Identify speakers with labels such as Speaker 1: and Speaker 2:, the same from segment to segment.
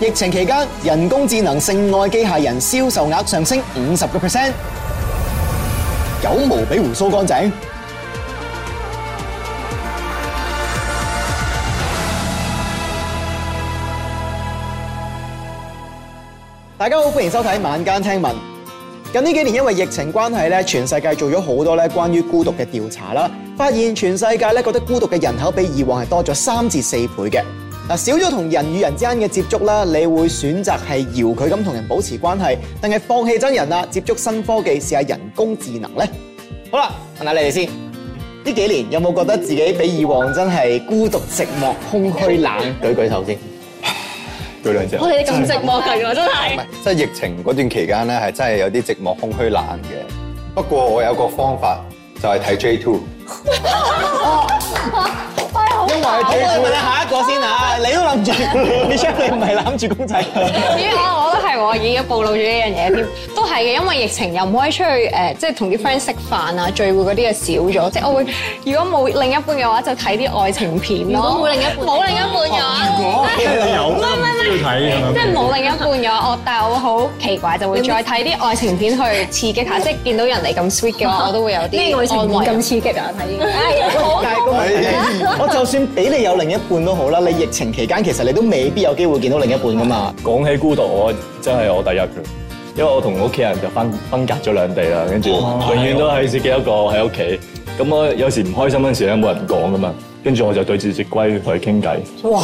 Speaker 1: 疫情期間，人工智能性愛機械人銷售額上升五十個 percent，狗毛比鬍鬚乾淨。大家好，歡迎收睇晚間聽聞。近呢幾年因為疫情關係咧，全世界做咗好多咧關於孤獨嘅調查啦，發現全世界咧覺得孤獨嘅人口比以往係多咗三至四倍嘅。嗱，少咗同人與人之間嘅接觸啦，你會選擇係搖佢咁同人保持關係，定係放棄真人啊？接觸新科技試下人工智能咧？好啦，問下你哋先。呢幾年有冇覺得自己比以往真係孤獨、寂寞、空虛、冷？舉舉手先。
Speaker 2: 舉兩隻。好似你咁寂寞嘅喎，真係的、啊。即係疫情嗰段期間咧，係真係有啲寂寞、空虛、冷嘅。不過我有個方法，就係睇 J2。ス oh! Oh!
Speaker 1: Oh! 因為我問你下一個先啊，你都攬住，你唔係攬住公仔
Speaker 3: 咦，我我都係喎，已經暴露咗呢樣嘢添，都係嘅，因為疫情又唔可以出去誒，即係同啲 friend 食飯啊、聚會嗰啲又少咗，即係我會如果冇另一半嘅話，就睇啲愛情片咯。冇另一半冇另一半咗，唔係唔係唔係，即係冇另一半嘅話。我但係我好奇怪，就會再睇啲愛情片去刺激下，即係見到人哋咁 sweet 嘅話，我都會有啲愛情片咁刺激啊！睇依個，
Speaker 1: 係我係咁睇，算俾你有另一半都好啦，你疫情期間其實你都未必有機會見到另一半㗎嘛。
Speaker 4: 講起孤獨，我真係我第一，因為我同屋企人就分分隔咗兩地啦，跟住、哦、永遠都係自己一個喺屋企。咁我有時唔開心嗰陣時咧，冇人講㗎嘛，跟住我就對住隻龜去傾偈。哇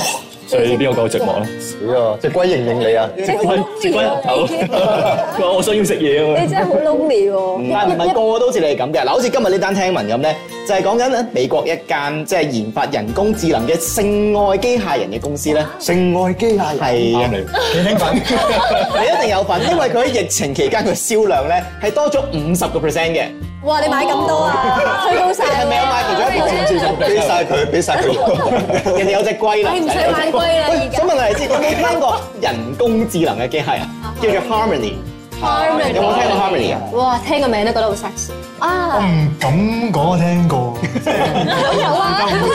Speaker 4: 所以邊個夠寂寞咧？死啊！
Speaker 1: 隻龜認認你啊！隻龜，隻龜頭。我我想要食嘢啊嘛！你真
Speaker 5: 係好 lonely 喎！但係唔係個個
Speaker 1: 都似你係咁嘅。嗱，好似今日呢單聽聞咁咧，就係講緊咧美國一間即係研發人工智能嘅性愛機械人嘅公司咧。性愛機械人係啊，你興奮？你一定有份，因為佢喺疫情期間嘅銷量咧係多咗五十個 percent 嘅。哇！你買咁多啊？去到曬。係咪有買其中一個先至俾曬佢？俾曬佢。人哋有隻龜啦。你唔想買？喂，想問你哋知，有冇聽過人工智能嘅機械啊？叫做 Harmony，h a r m o n y 有冇聽過 Harmony 啊？哇，
Speaker 5: 聽個名都覺得好 sexy 啊！我唔
Speaker 6: 敢講，我聽過。
Speaker 1: 咁有啊？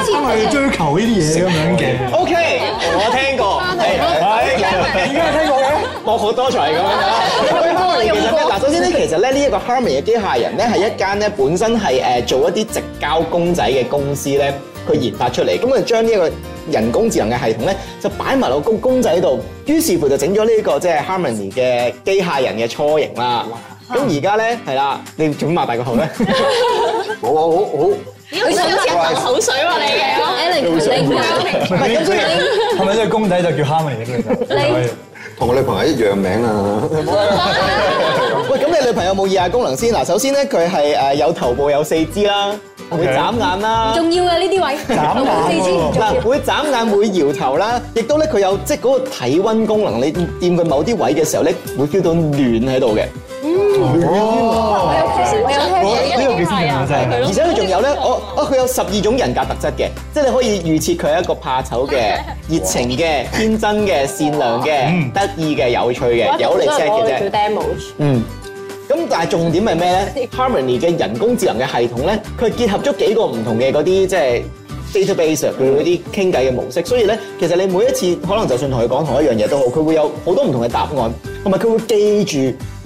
Speaker 1: 咁你追求呢啲嘢咁樣嘅。OK，我聽過。而家聽過嘅。博好多才係咁樣啊！咁我哋其實咧，嗱，首先咧，其實咧呢一個 Harmony 嘅機械人咧，係一間咧本身係誒做一啲直交公仔嘅公司咧。佢研發出嚟，咁啊將呢一個人工智能嘅系統咧，就擺埋落公公仔度，於是乎就整咗呢個即係 Harmony 嘅機械人嘅初型啦。咁而家咧係啦，你點擘大個口咧？我好好，你
Speaker 7: 好似好流口水喎你嘅，零
Speaker 1: 零你，零
Speaker 2: 零，係咪即係公仔就叫 Harmony 嘅？同我女朋友一樣名啊！
Speaker 1: 喂，咁你女朋友冇以下功能先？嗱，首先咧佢係誒有頭部有四肢啦。會眨
Speaker 5: 眼啦，唔重要嘅呢啲位，眨眼，嗱，
Speaker 1: 會眨眼，會搖頭啦，亦都咧佢有即嗰個體溫功能，你掂佢某啲位嘅時候咧，會 feel 到暖喺度嘅。嗯，呢個技術真係，而且佢仲有咧，哦哦，佢有十二種人格特質嘅，即係你可以預設佢係一個怕醜嘅、熱情嘅、天真嘅、善良嘅、得意嘅、有趣嘅，有嚟 check 嘅啫。嗯。咁但係重點係咩呢？Harmony 嘅人工智能嘅系統呢，佢係結合咗幾個唔同嘅嗰啲即係 database 入啲傾偈嘅模式，所以咧，其實你每一次可能就算同佢講同一樣嘢都好，佢會有好多唔同嘅答案，同埋佢會記住，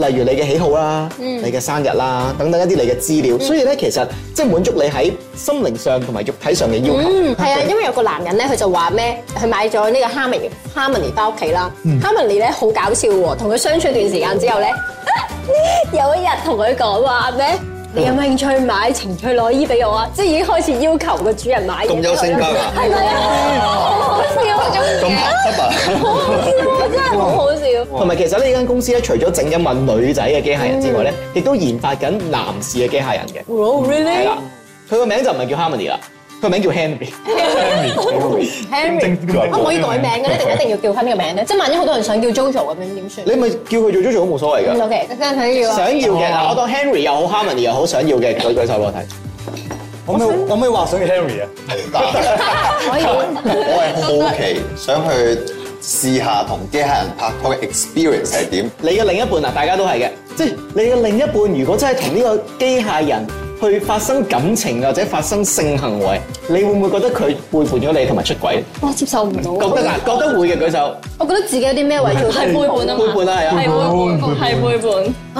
Speaker 1: 例如你嘅喜好啦，嗯，你嘅生日啦，等等一啲你嘅資料。嗯、所以咧，其實即係滿足你喺心靈上同埋肉體上嘅要求。嗯，係啊，因
Speaker 5: 為有個男人咧，佢就話咩？佢買咗呢個 Harmony Harmony 翻屋企啦。嗯，Harmony 咧好搞笑喎，同佢相處一段時間之後咧、啊，有一日同佢講話咩？你有冇興趣買情趣內衣俾我啊？即係已經開始要求個主人買嘢，咁有性格㗎，係咪啊？好好笑，咁搞
Speaker 7: 笑啊！好好笑，我真係
Speaker 1: 好好
Speaker 5: 笑。同埋其實呢
Speaker 1: 間公司咧，除咗整緊問女仔嘅機械人之外咧，嗯，亦都研發緊男士嘅機械人嘅。
Speaker 5: Really？係啦，
Speaker 1: 佢個名就唔係叫 Harmony 啦。個名叫 Henry，Henry 可唔可以改名嘅咧？定一定要
Speaker 5: 叫返呢個名咧？即係萬一好多人想叫 JoJo 咁樣
Speaker 1: 點算？你咪叫佢做 JoJo 都冇所謂㗎。O.K. 真
Speaker 5: 係想要。想要嘅我當
Speaker 1: Henry 又好，Harmony 又好，想要嘅舉舉手畀我睇。可唔可以話想 Henry 啊？
Speaker 7: 可以。我係好奇
Speaker 1: 想去試下同
Speaker 2: 機械人拍拖嘅 experience 係點。
Speaker 1: 你嘅另一半啊，大家都係嘅。即係你嘅另一半，如果真係同呢個機械人，去發生感情或者發生性行為，你會唔會覺得佢背叛咗你同埋出軌？我接受唔到。覺得啊，覺得會嘅舉手。
Speaker 5: 我覺得自己有啲咩遺傳係背叛啊，啊，係背叛，係背叛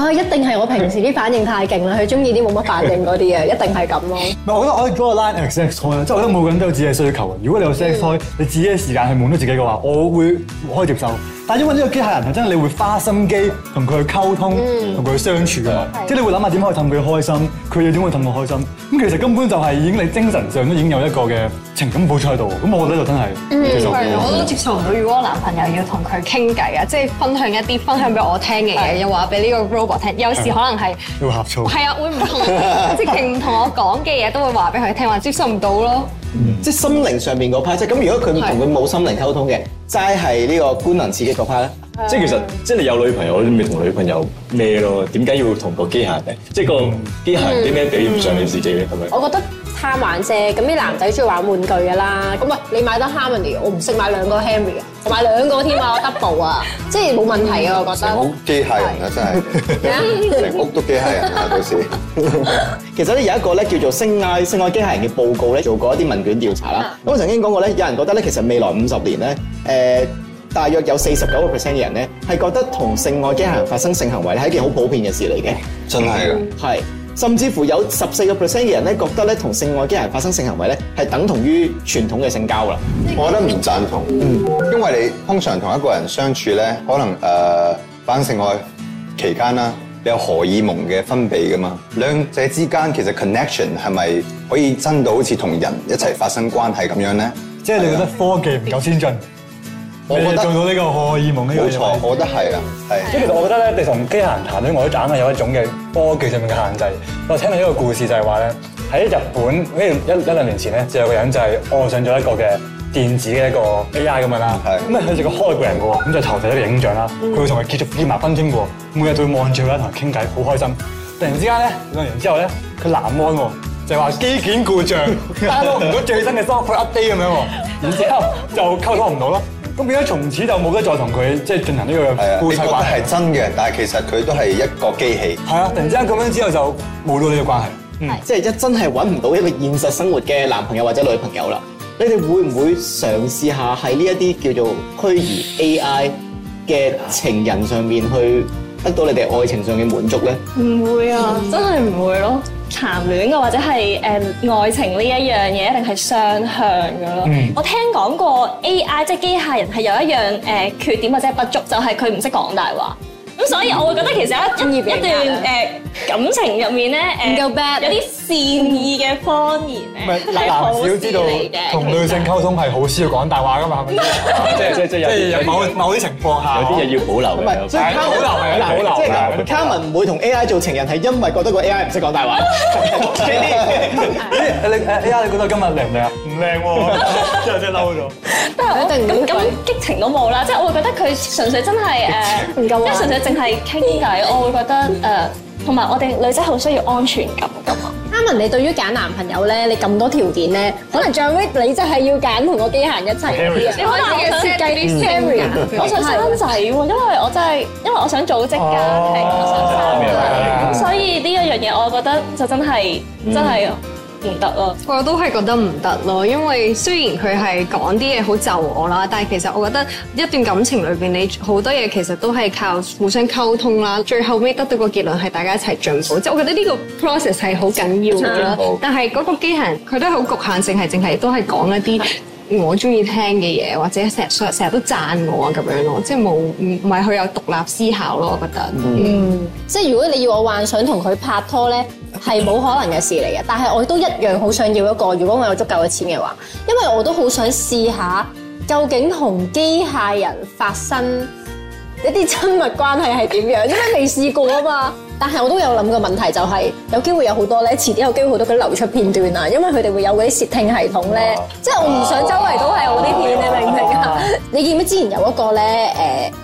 Speaker 5: 啊！一定係我平時啲反應太勁啦，佢中意啲冇乜反應嗰啲嘅，一定係
Speaker 6: 咁咯。唔係，我覺得我嗰個 line sex toy 即係我覺得每個人都有自己嘅需求。如果你有 sex toy 你自己嘅時間係滿足自己嘅話，我會可以接受。但係因為呢個機械人係真係你會花心機同佢去溝通，同佢去相處啊。即係你會諗下點可以氹佢開心，佢又點會氹我開心。咁其實根本就係已經你精神上都已經有一個嘅情感保障喺度。咁我覺得就真係唔係，我都接受唔到如
Speaker 3: 果我男朋友。要同佢傾偈啊，即係分享一啲分享俾我聽嘅嘢，又話俾呢個 robot 聽。有時可能係
Speaker 6: 會
Speaker 1: 呷醋，係啊， 會
Speaker 3: 唔同 即係唔同我講嘅嘢都會話俾佢聽，話接收唔到咯。
Speaker 1: 即係心靈上面嗰 part 即係咁。如果佢同佢冇心靈溝通嘅，齋係呢個官能刺激嗰 part 咧。即係其實即係你有女朋友你咪同女朋友咩咯？點解要同個機械人？
Speaker 4: 即係個機械人，點解比唔上你自己咧？係咪、嗯？我覺
Speaker 5: 得貪玩啫。咁啲男仔中意玩玩具噶啦。咁喂，你買得 Harmony，我唔識買兩個 Henry 啊。同
Speaker 1: 埋兩個添啊，我 double 啊，即係冇問題啊，我覺得。屋機械人啊，真係咩啊？成屋都機械人啊，到時。其實咧有一個咧叫做性愛性愛機械人嘅報告咧，做過一啲問卷調查啦。咁我曾經講過咧，有人覺得咧，其實未來五十年咧，誒大約有四十九個 percent 嘅人咧，係覺得同性愛機械人發生性行為咧係一件好普遍嘅事嚟嘅。真係㗎。係。甚至乎有十四個 percent 嘅人咧，覺得咧同性愛機械人發生性行為咧，係等同於傳統嘅性交啦。我覺得唔贊同，嗯，因為你通常同一個人相
Speaker 2: 處咧，可能誒、呃、反性愛期間啦，你有荷爾蒙嘅分泌噶嘛。兩者之間其實 connection 係咪可以真到好似同人一齊發生關係咁樣咧？
Speaker 6: 即係你覺得科技唔夠先進？ 我覺得做到呢個荷爾蒙嘅嘢，冇錯，我覺得係啊，係。即係其實我覺得咧，你同機械人談戀愛咧，我都硬係有一種嘅科技上面嘅限制。我聽到一個故事就係話咧，喺日本呢一一兩年前咧，就有個人就係愛上咗一個嘅電子嘅一個 AI 咁樣啦，咁啊佢係個 hologram 嘅喎，咁就投射咗個影像啦，佢同佢繼續見物分清嘅喎，每日都會望住佢啦，同佢傾偈，好開心。突然之間咧，兩年之後咧，佢藍安喎，就係話機件故障，download 唔到最新嘅 software update 咁樣喎，然之後就溝通唔到咯。咁變咗從此就冇得再同佢即
Speaker 2: 係進行呢個顧妻關係，你覺得係真嘅，但係其實佢都係一個機器。係啊，突然之間咁樣
Speaker 1: 之後就冇咗呢個關係，嗯、即係一真係揾唔到一個現實生活嘅男朋友或者女朋友啦。你哋會唔會嘗試下喺呢一啲叫做虛擬 AI 嘅情人上面去得到你哋愛情上嘅滿足咧？
Speaker 7: 唔、嗯、會啊，真係唔會咯。談戀啊，或者係誒愛情呢一樣嘢，一定係雙向嘅咯。我聽講過 A.I. 即係機械人係有一樣誒缺點或者係不足，就係佢唔識講大話。咁所以我會覺得其實一一段誒感情入面咧誒，有啲善意嘅
Speaker 6: 謊言，係好善意嘅。同女性溝通係好需要講大話㗎嘛，即係即係有某某啲情況下有啲嘢要保留。唔係，所以嘉雯好留，係好留嘅。
Speaker 1: 嘉雯唔會同 AI 做情人係因為覺得個 AI 唔識講大話。Jenny，
Speaker 6: 你誒 AI，你覺
Speaker 1: 得今日靚唔靚？唔靚喎，真係
Speaker 6: 嬲咗。
Speaker 7: 但係我咁咁激情都冇啦，即係我會覺得佢純粹真係誒唔夠，即係純粹。定
Speaker 5: 係傾偈，我會覺得誒，同埋我哋女仔好需要安全感噶啊，嘉雯，你對於揀男朋友咧，你咁多條件咧，可能最尾你就係要揀同個機械人一齊。你可以設計啲 scenario，我想
Speaker 7: 生仔喎，因為我真係因為我想組織家庭，吧我想生，咁所以呢一樣嘢，我覺得就真係真係。嗯唔得咯，我都係覺得唔得咯。
Speaker 3: 因為雖然佢係講啲嘢，好就我啦，但係其實我覺得一段感情裏邊，你好多嘢其實都係靠互相溝通啦。最後尾得到個結論係大家一齊進步，即係 我覺得呢個 process 係好緊要噶 但係嗰個機器人佢都好局限性，係淨係都係講一啲。 我中意聽嘅嘢，或者成日成日都讚我啊，咁樣咯，即係冇唔唔係佢
Speaker 5: 有獨立思考咯，我覺得嗯。嗯。即係如果你要我幻想同佢拍拖咧，係冇可能嘅事嚟嘅。但係我都一樣好想要一個，如果我有足夠嘅錢嘅話，因為我都好想試下究竟同機械人發生一啲親密關係係點樣，因為未試過啊嘛。但係我都有諗個問題，就係、是、有機會有好多咧，遲啲有機會好多佢流出片段啊，因為佢哋會有嗰啲竊聽系統咧，哇即係我唔想周圍都係我啲片你明唔明啊？你記唔記得之前有一個咧，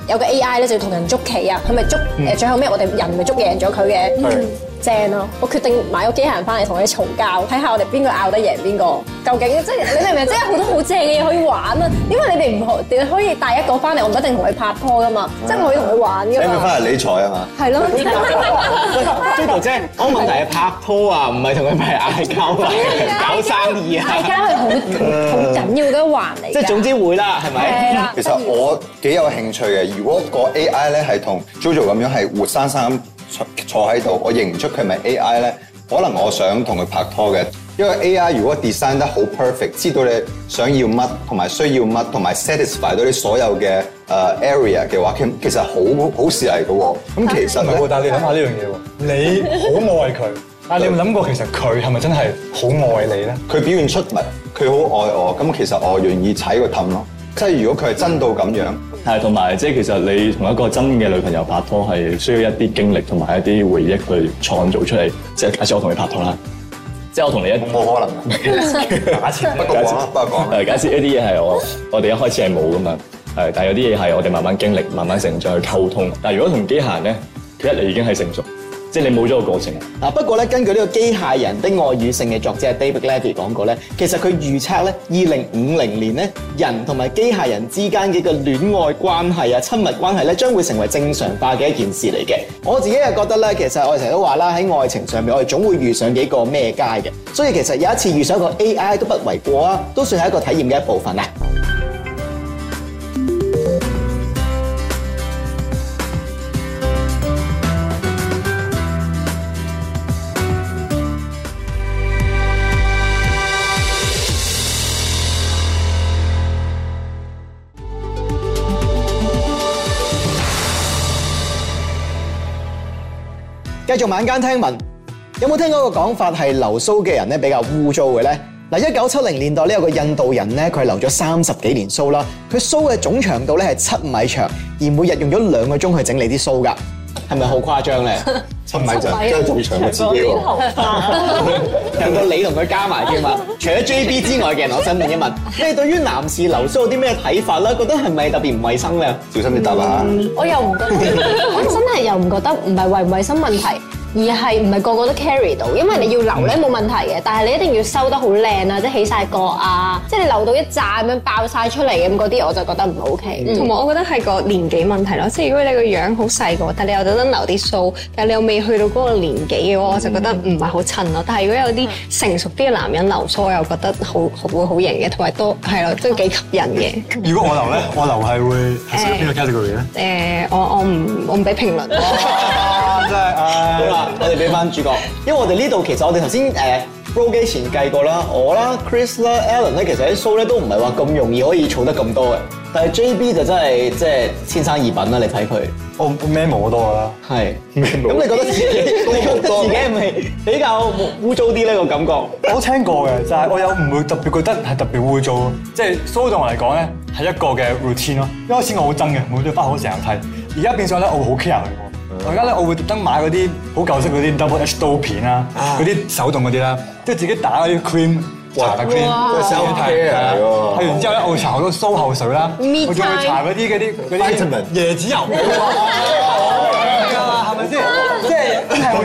Speaker 5: 誒有個 AI 咧就要同人捉棋啊，佢咪捉誒、嗯、最後尾我哋人咪捉贏咗佢嘅。嗯。正咯、啊，我決定買個機械人翻嚟同佢嘈交，睇下我哋邊個拗得贏邊個。究竟即係你明唔明？即係好多好正嘅嘢可以玩啊！因為你哋唔可，可以帶一個翻嚟，我唔一定同佢拍拖噶嘛。即係、啊、可以同佢
Speaker 1: 玩。帶佢翻嚟理財啊嘛。係
Speaker 2: 咯。朱頭了
Speaker 1: 姐，我是問題係拍拖啊，唔係同佢咪嗌交啊，是是搞生意啊,啊。大家
Speaker 5: 係好好緊要嘅一環嚟。即係、嗯就是、總之會啦，係咪？其實我
Speaker 2: 幾有興趣嘅。如果個 AI 咧係同 JoJo 咁樣係活生生。坐喺度，我認唔出佢係咪 AI 咧？可能我想同佢拍拖嘅，因為 AI 如果 design 得好 perfect，知道你想要乜同埋需要乜，同埋 satisfy 到你所有嘅誒 area 嘅話，佢其實好好，好事嚟㗎喎。咁其實但係你諗下呢樣嘢喎，你好愛佢，但係你，你， 你有
Speaker 6: 諗過其實佢係咪真係好愛你咧？
Speaker 2: 佢表現出咪，佢好愛我，咁其實我願意踩個氹咯。即係如果佢係真到咁樣。嗯係同埋，即係其
Speaker 4: 實你同一個真嘅女朋友拍拖係需要一啲經歷同埋一啲回憶去創造出嚟。即係假設我同你拍拖啦，即係我同你一冇可能。 假設不，不，不假設呢啲嘢係我 我哋一開始係冇㗎嘛，係但係有啲嘢係我哋慢慢經歷，
Speaker 1: 慢慢成長去溝通。但係如果同機械人咧，佢一嚟已經係成熟。即係你冇咗個過程啊！不過咧，根據呢個機械人的愛與性嘅作者 David Levy 講過咧，其實佢預測咧，二零五零年咧，人同埋機械人之間嘅個戀愛關係啊、親密關係咧，將會成為正常化嘅一件事嚟嘅。我自己又覺得咧，其實我哋成日都話啦，喺愛情上面，我哋總會遇上幾個咩街嘅，所以其實有一次遇上一個 AI 都不為過啊，都算係一個體驗嘅一部分啊。繼續晚間聽聞，有冇聽過個講法係留鬚嘅人比較污糟嘅呢？嗱，一九七零年代呢有個印度人咧，佢留咗三十幾年鬚啦，佢鬚嘅總長度咧係七米長，而每日用咗兩個鐘去整理啲鬚噶，係咪好誇張咧？ 唔係就真係仲長過自己喎，有、啊、到你同佢加埋添嘛。 除咗 JB 之外嘅，我想問一問， 你對於男士留鬚有啲咩睇法咧？覺得係咪特別唔衛生呢？小心啲答啦。
Speaker 5: 我又唔覺得， 我真係又唔覺得，唔係衛唔衛生問題。而係唔係個個都 carry 到？因為你要留咧，冇問題嘅，嗯、但係你一定要收得好靚啊，即係起晒角啊，嗯、即係你留到一扎咁樣爆晒出嚟嘅嗰啲，我就覺得唔 OK。同埋、嗯、我覺得係個年紀
Speaker 3: 問題咯，即係如果你個樣好細個，但係你又想留啲鬚，但係你又未去到嗰個年紀嘅話，我就覺得唔係好襯咯。但係如果有啲成熟啲嘅男人留鬚，我又覺得好好會好型嘅，同埋都係咯，都幾吸引嘅。
Speaker 6: 如果我留咧，我留係會喺邊個
Speaker 3: category 咧？誒、呃，我我唔我唔俾評論。
Speaker 1: 真、uh、好啦，我哋俾翻主角，因為我哋呢度其實我哋頭先誒，收機前計過啦，我啦，Chris 啦，Alan 呢，其實啲鬚咧都唔係話咁容易可以儲得咁多嘅，但係 JB 就真係即係天生異稟啦，你睇佢，我我咩冇咁多啦，係是，咁 Mem o. 你覺得自己
Speaker 6: 得自己係咪比較污糟啲呢個感覺？我聽過嘅，就係、是、我有唔會特別覺得係特別污糟，即係鬚對我嚟講咧，係一個嘅 routine 咯，一開始我好憎嘅，每堆花好成日睇，而家變相咧，我好 care。而家咧，我會特登買嗰啲好舊式嗰啲 Double H 刀片啦，嗰啲、啊、手動嗰啲啦，即係自己打嗰啲 cream，搽嘅 cream，都係好睇啊！係哇 完之後咧，菜我搽好多鬚後水啦，我仲要搽嗰啲嗰啲椰子油。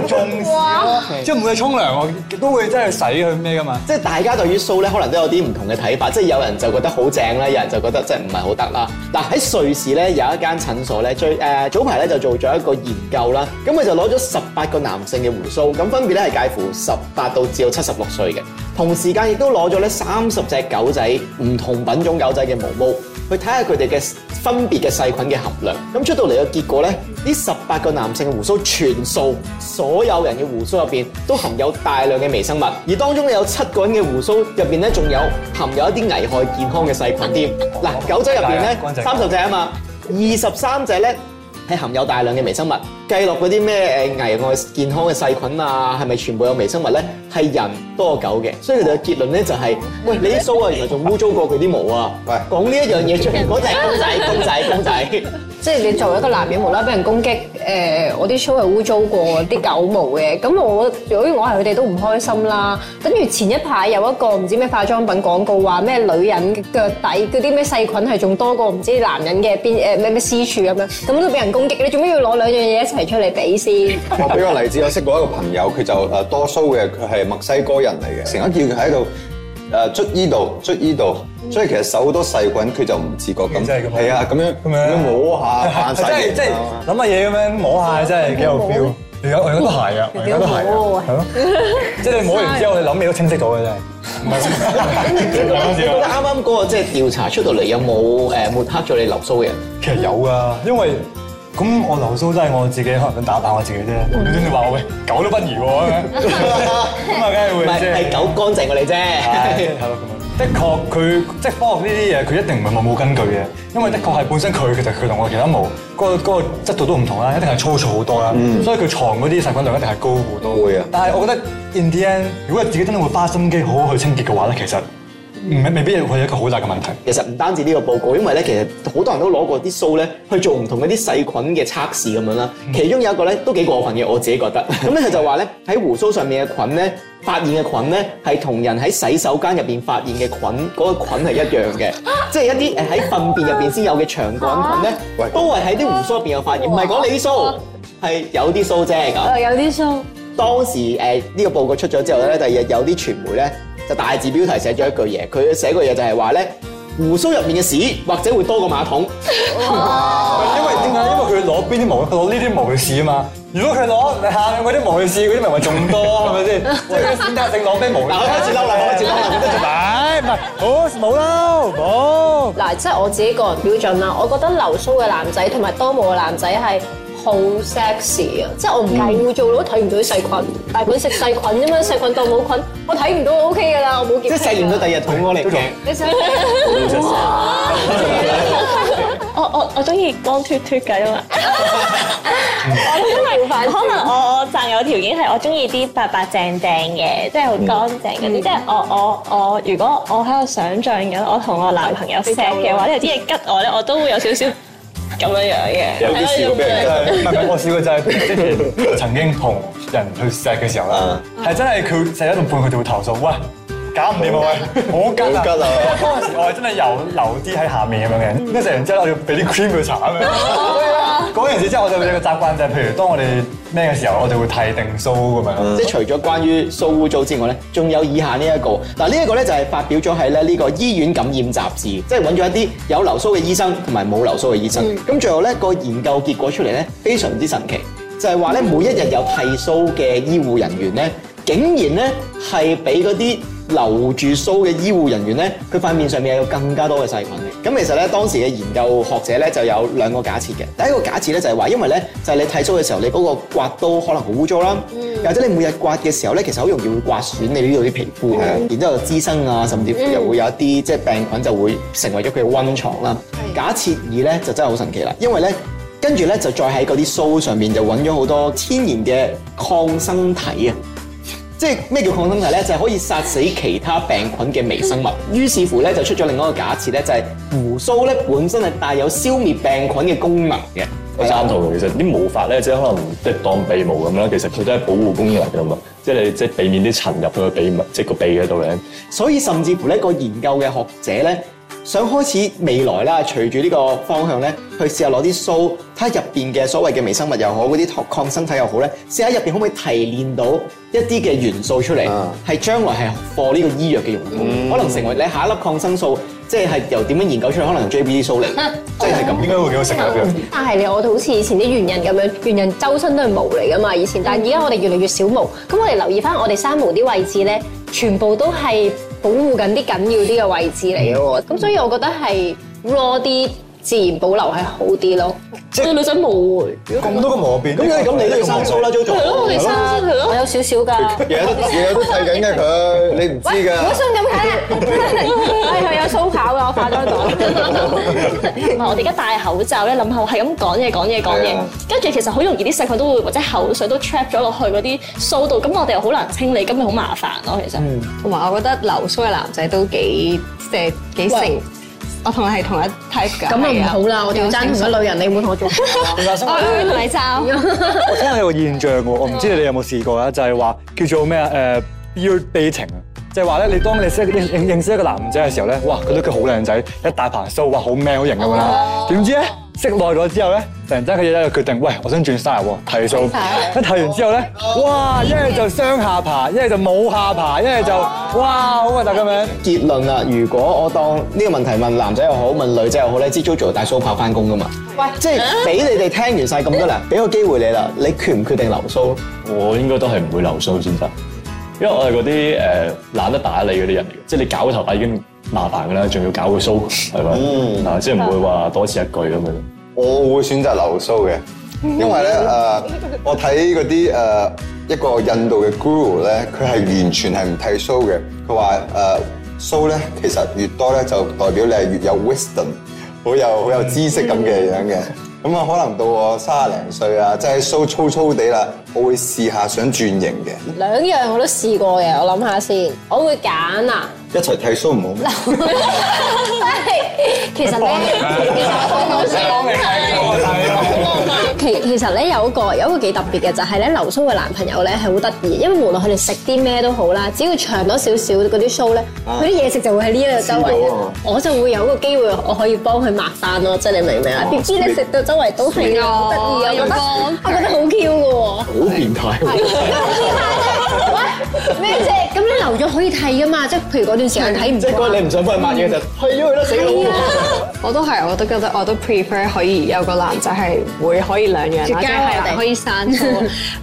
Speaker 6: 重視咯， 哇即係唔會沖涼喎，都會真係洗佢咩噶
Speaker 1: 嘛？即係大家對於鬚咧，可能都有啲唔同嘅睇法。即係有人就覺得好正啦，有人就覺得即係唔係好得啦。嗱喺瑞士咧，有一間診所咧，最誒、呃、早排咧就做咗一個研究啦。咁佢就攞咗十八個男性嘅鬍鬚，咁分別咧係介乎十八到至到七十六歲嘅。同時間亦都攞咗咧三十隻狗仔，唔同品種狗仔嘅毛毛，去睇下佢哋嘅分別嘅細菌嘅含量。咁出到嚟嘅結果咧，呢十八個男性嘅鬍鬚全數，所有人嘅鬍鬚入邊都含有大量嘅微生物。而當中咧有七個人嘅鬍鬚入邊咧，仲有含有一啲危害健康嘅細菌添。嗱，狗仔入邊咧，三十隻啊嘛，二十三隻咧係含有大量嘅微生物。計落嗰啲咩誒危害健康嘅細菌啊，係咪全部有微生物咧？係人多狗嘅，所以其實結論咧就係，喂你啲鬚啊，原來仲污糟過佢啲毛啊！喂，講呢一樣嘢出嚟，嗰就係公仔公仔公仔。即
Speaker 5: 係你作為一個男人，無啦啦俾人攻擊，誒我啲鬚係污糟過啲狗毛嘅，咁我如果我係佢哋都唔開心啦。跟住前一排有一個唔知咩化妝品廣告話咩女人腳底嗰啲咩細菌係仲多過唔知男人嘅邊誒咩咩私處咁樣，咁都俾人攻擊嘅，你做咩要攞兩樣嘢一齊出嚟俾先？我舉個例
Speaker 2: 子，我識過一個朋友，佢就誒多鬚嘅，佢係。墨西哥人嚟嘅，成日叫佢喺度誒捽依度捽依度，所以其實手好多細菌，佢就唔自覺咁。係啊，咁樣咁樣摸下，即係即係
Speaker 6: 諗下嘢咁樣摸下，真係幾有 feel。而家而家都係啊，而家都係，係
Speaker 7: 咯。
Speaker 1: 即係你摸完之後，你
Speaker 6: 諗嘢都清晰咗嘅啫。
Speaker 2: 唔啱啱
Speaker 1: 嗰個即係調查出到嚟，有冇誒抹黑咗你流蘇嘅人？其實有噶，因為。咁我留鬚真係我自己可能想打扮我自己啫、嗯。你先話 果 我喂狗都不如喎，咁啊
Speaker 6: 梗係會啫。唔係，係狗乾淨過你啫，係係咯咁樣。的確佢即係科學呢啲嘢，佢一定唔係冇冇根據嘅。因為的確係本身佢其實佢同我其他毛個個質度都唔同啦，一定係粗糙好多啦。嗯、所以佢床嗰啲細菌量一定係高過。
Speaker 2: 都會啊。
Speaker 1: 但係我覺得 in the end 如果自己真係會花心機好好去清潔嘅話咧，其實。唔係，未必係一個好大嘅問題。其實唔單止呢個報告，因為咧其實好多人都攞過啲鬚咧去做唔同嗰啲細菌嘅測試咁樣啦。其中有一個咧都幾過分嘅，我自己覺得。咁咧佢就話咧喺鬍鬚上面嘅菌咧，發現嘅菌咧係同人喺洗手間入邊發現嘅菌嗰、嗰個菌係一樣嘅，即係一啲誒喺糞便入邊先有嘅腸桿菌咧，都係喺啲鬍鬚入邊有發現。唔係講你啲鬚係有啲鬚啫，係有啲鬚。當時誒呢、呃呢個報告出咗之後咧，第二日有啲傳媒咧，就大字標題寫咗一句嘢，佢寫個嘢就係話咧鬍鬚入面嘅屎，或者會多過馬桶。哇因為點解？因為佢攞邊啲毛，攞呢啲毛去試啊嘛。如果佢攞你下嗰啲毛去試，嗰啲咪咪仲
Speaker 6: 多，係咪 先？即係選擇性攞咩毛？我開始嬲喇，我開始嬲喇，
Speaker 2: 咁得
Speaker 5: 仲抵？唔係，好冇咯，冇！嗱，即係我自己個人標準啦，我覺得留鬚嘅男仔同埋多毛嘅男仔係，好 sexy 啊！即係我唔介意污糟咯，睇唔、嗯、到啲細菌，大菌食細菌啫嘛，細菌當冇菌，我睇唔到 O K 噶啦，我冇
Speaker 7: 見。即係食完到第二日
Speaker 1: 肚屙嚟嘅。
Speaker 7: 我我哇我中意光脫脫嘅嘛， 因為我都明白可能我我贊有條件係我中意啲白白淨淨嘅，即係好乾淨嗰啲。嗯嗯、即係我我我如果我喺度想象緊我同我男朋友錫嘅話咧，啲嘢吉我咧，我都會有少少。咁
Speaker 6: 樣嘅樣嘅 有我笑嘅就係，唔係唔係，我笑嘅就係曾經同人去食嘅時候啦，係 真係佢食咗一半佢就會投訴搞唔掂啊！好緊啊！嗰陣 時我係真係有留啲喺下面咁樣嘅。跟住食完之後，我要俾啲 cream 去搽咁樣。
Speaker 1: 哦，對啦。嗰時之後，我哋會有個習慣就係，譬如當我哋咩嘅時候，我哋會剃定鬚咁樣。 即係除咗關於鬚污糟之外咧，仲有以下呢、這、一個。嗱呢一個咧就係發表咗喺咧呢個醫院感染雜誌，即係揾咗一啲有留鬚嘅醫生同埋冇留鬚嘅醫生。咁 最後咧個研究結果出嚟咧，非常之神奇，就係話咧每一日有剃鬚嘅醫護人員咧，竟然咧係俾嗰啲，留住鬚嘅醫護人員呢，佢塊面上面有更加多嘅細菌。咁其實呢，當時嘅研究學者呢就有兩個假設嘅。第一個假設呢，就係話，因為呢，就係你剃鬚嘅時候，你嗰個刮刀可能好污糟啦，嗯、或者你每日刮嘅時候呢，其實好容易會刮損你呢度啲皮膚，嗯、然之後滋生啊，甚至又會有一啲即係病菌就會成為咗佢嘅溫床啦。嗯、假設二呢，就真係好神奇啦，因為呢，跟住呢，就再喺嗰啲鬚上面就揾咗好多天然嘅抗生體啊！即係咩叫抗生體咧？就係、是、可以殺死其他病菌嘅微生物。於是乎咧，就出咗另外一個假設咧，就係、是、鬍鬚咧本身係帶有消滅病菌嘅功能嘅。我贊同、啊，其實啲毛髮咧，嗯、即係可能即係當鼻毛咁樣，其實佢都係保護功能嘅嘛，即係你即係避免啲塵入去個鼻物，即係個鼻嘅度咧。所以甚至乎呢個研究嘅學者咧。想開始未來啦，隨住呢個方向咧，去試下攞啲蘇，睇下入邊嘅所謂嘅微生物又好，嗰啲抗抗生體又好咧，試下入邊可唔可以提煉到一啲嘅元素出嚟，係、嗯、將來係貨呢個醫藥嘅用途，嗯、可能成為你下一粒抗生素，即係由點樣研究出嚟，可能 J B 啲素嚟，
Speaker 5: 即係咁，嗯、應
Speaker 1: 該會幾好食，嗯。
Speaker 5: 但係你我好似以前啲猿人咁樣，猿人周身都係毛嚟㗎嘛，以前，但係而家我哋越嚟越少毛，咁我哋留意翻我哋三毛啲位置咧，全部都係，保護緊啲緊要啲嘅位置嚟嘅喎，咁 所以我覺得係 raw 啲。自然保留係好啲咯，
Speaker 2: 對女仔冇喎。咁多個毛病，咁你咁你都生鬚啦，張台。係咯，我哋
Speaker 5: 生，我有少少㗎。有有剃
Speaker 7: 緊㗎佢，你
Speaker 2: 唔知㗎。唔好信咁嘅，係係有鬚
Speaker 7: 跑㗎，我化咗妝。唔係，我哋而家戴口罩咧，臨後係咁講嘢講嘢講嘢，跟住其實好容易啲細菌都會或者口水都 trap 咗落去嗰啲鬚度，咁我哋又好難清理，咁咪好麻煩咯。其實，同埋我覺得留鬚嘅男仔都幾即
Speaker 3: 係幾成。我同你係同
Speaker 5: 一 type
Speaker 3: 㗎，咁就唔好啦，我仲要爭同一類人，你唔好同我做。我都要我聽
Speaker 6: 到有個現象喎，我唔知你哋有冇試過咧，就係、係、話叫做咩啊？誒，beard baiting 就係話咧，你當你識認識一個男仔嘅時候咧，哇，覺得佢好靚仔，一大棚鬚，哇，好 man 好型咁樣啦，點知？識耐咗之後咧，成真佢又一個決定，喂，我想轉 style 喎，提素。一提完之後咧，哇，一係就雙下爬，一係就冇下爬，一係就哇，好核突咁樣。
Speaker 1: 結論啦，如果我當呢個問題問男仔又好，問女仔又好咧，JoJo 帶鬚刨返工㗎嘛？喂， 即係俾你哋聽完晒咁多啦，俾個機會你啦，你決唔決定留鬚？我應該都係唔會留鬚先得，
Speaker 4: 因為我係嗰啲誒懶得打理嗰啲人嚟，即係你搞頭髮已經。麻煩
Speaker 2: 㗎啦，仲要搞個鬚係咪？嗱，嗯、即係唔會話多此一舉咁樣。我會選擇留鬚嘅，因為咧誒， uh, 我睇嗰啲誒一個印度嘅 guru 咧，佢係完全係唔剃鬚嘅。佢話誒鬚咧其實越多咧就代表你係越有 wisdom，好有好有知識咁嘅樣嘅。咁啊，可能到我卅零歲啊，即係鬚粗粗地啦，我會試下想轉型嘅。
Speaker 5: 兩樣我都試過嘅，我諗下先，我會揀啊。一齊剃
Speaker 2: 鬚唔好咩？
Speaker 5: 其實咧，其其實咧有一個有一個幾特別嘅，就係咧流蘇嘅男朋友咧係好得意，因為無論佢哋食啲咩都好啦，只要長多少少嗰啲鬚咧，佢啲嘢食就會喺呢一個周圍，我就會有個機會我可以幫佢抹翻咯，即係你明唔明啊？點知你食到周圍都係得意啊！我覺我覺得好 Q 喎，好變態。喂，咩啫？咁你留咗可以睇噶嘛？即係譬如嗰段時間睇唔，即係嗰
Speaker 3: 日你唔
Speaker 1: 想翻去買嘢就去咗佢啦，死佬！
Speaker 3: 我都係，我都覺得，我都 prefer 可以有個男仔係會可以兩樣，即係可以刪梳，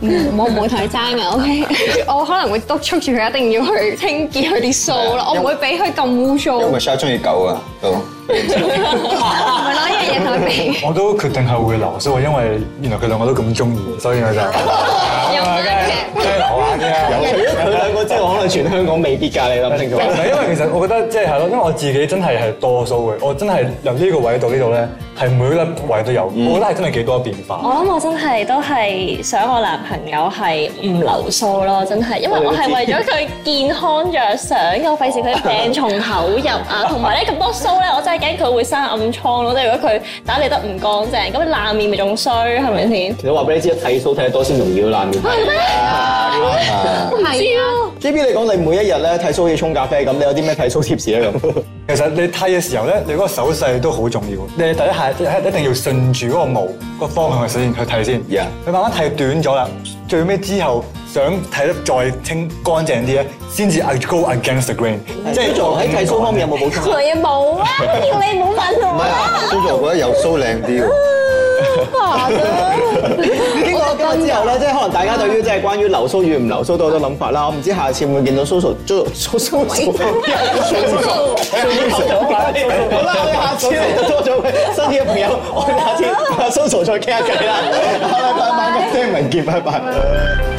Speaker 3: 唔我唔會同佢爭嘅，O K。我可能會督促住佢一定要去清潔佢啲梳咯，我唔會俾佢咁污糟。我咪成
Speaker 2: 日中意狗啊，都
Speaker 7: 唔係，係咯，一樣嘢同佢。
Speaker 2: 我都決定係會留
Speaker 6: 梳，因為原來佢兩個都咁中意，所以我就。因為嘅。玩嘅，有除咗佢兩個之外，可能全香港未必㗎，你諗清楚？唔係，因為其實我覺得即係係咯，因為我自己真係係多鬚嘅，我真係由呢個位到呢度咧，係每粒位都有，我覺得係真係幾多變化。我諗
Speaker 7: 我真係都係想我男朋友係唔留鬚咯，真係，因為我係為咗佢健康着想，我費事佢病從口入啊，同埋咧咁多鬚咧，我真係驚佢會生暗瘡咯。即係如果佢打理得唔乾淨，咁爛面咪仲衰係咪先？
Speaker 1: 我話俾你知啊，睇鬚睇得多先容易爛面。
Speaker 6: 唔
Speaker 1: 人、啊、知是啊！J B，你講你每一日咧剃鬚要沖咖啡，咁你有啲咩剃鬚 tips 咧咁？其
Speaker 6: 實你剃嘅時候咧，你嗰個手勢都好重要。你第一下一定要順住嗰個毛個方向先去剃先去。Yeah 你慢慢剃短咗啦，最尾之後想剃得再清乾淨啲咧，先至 I go against the grain。蘇
Speaker 1: 座喺剃鬚方面有冇補充？哎呀冇啊！叫你唔好問我啊，蘇座我覺得有鬚靚啲喎。快啊！咁之後咧，即係可能大家對於即係關於留鬚與唔留鬚都好多諗法啦。我唔知下次會唔會見到蘇 so 蘇、so, so, so, so, so, so, really？做蘇蘇。好啦，我哋下次嚟到多咗位新嘅朋友，我哋下次阿蘇蘇再傾下偈啦。下禮拜晚間聽聞見，拜拜。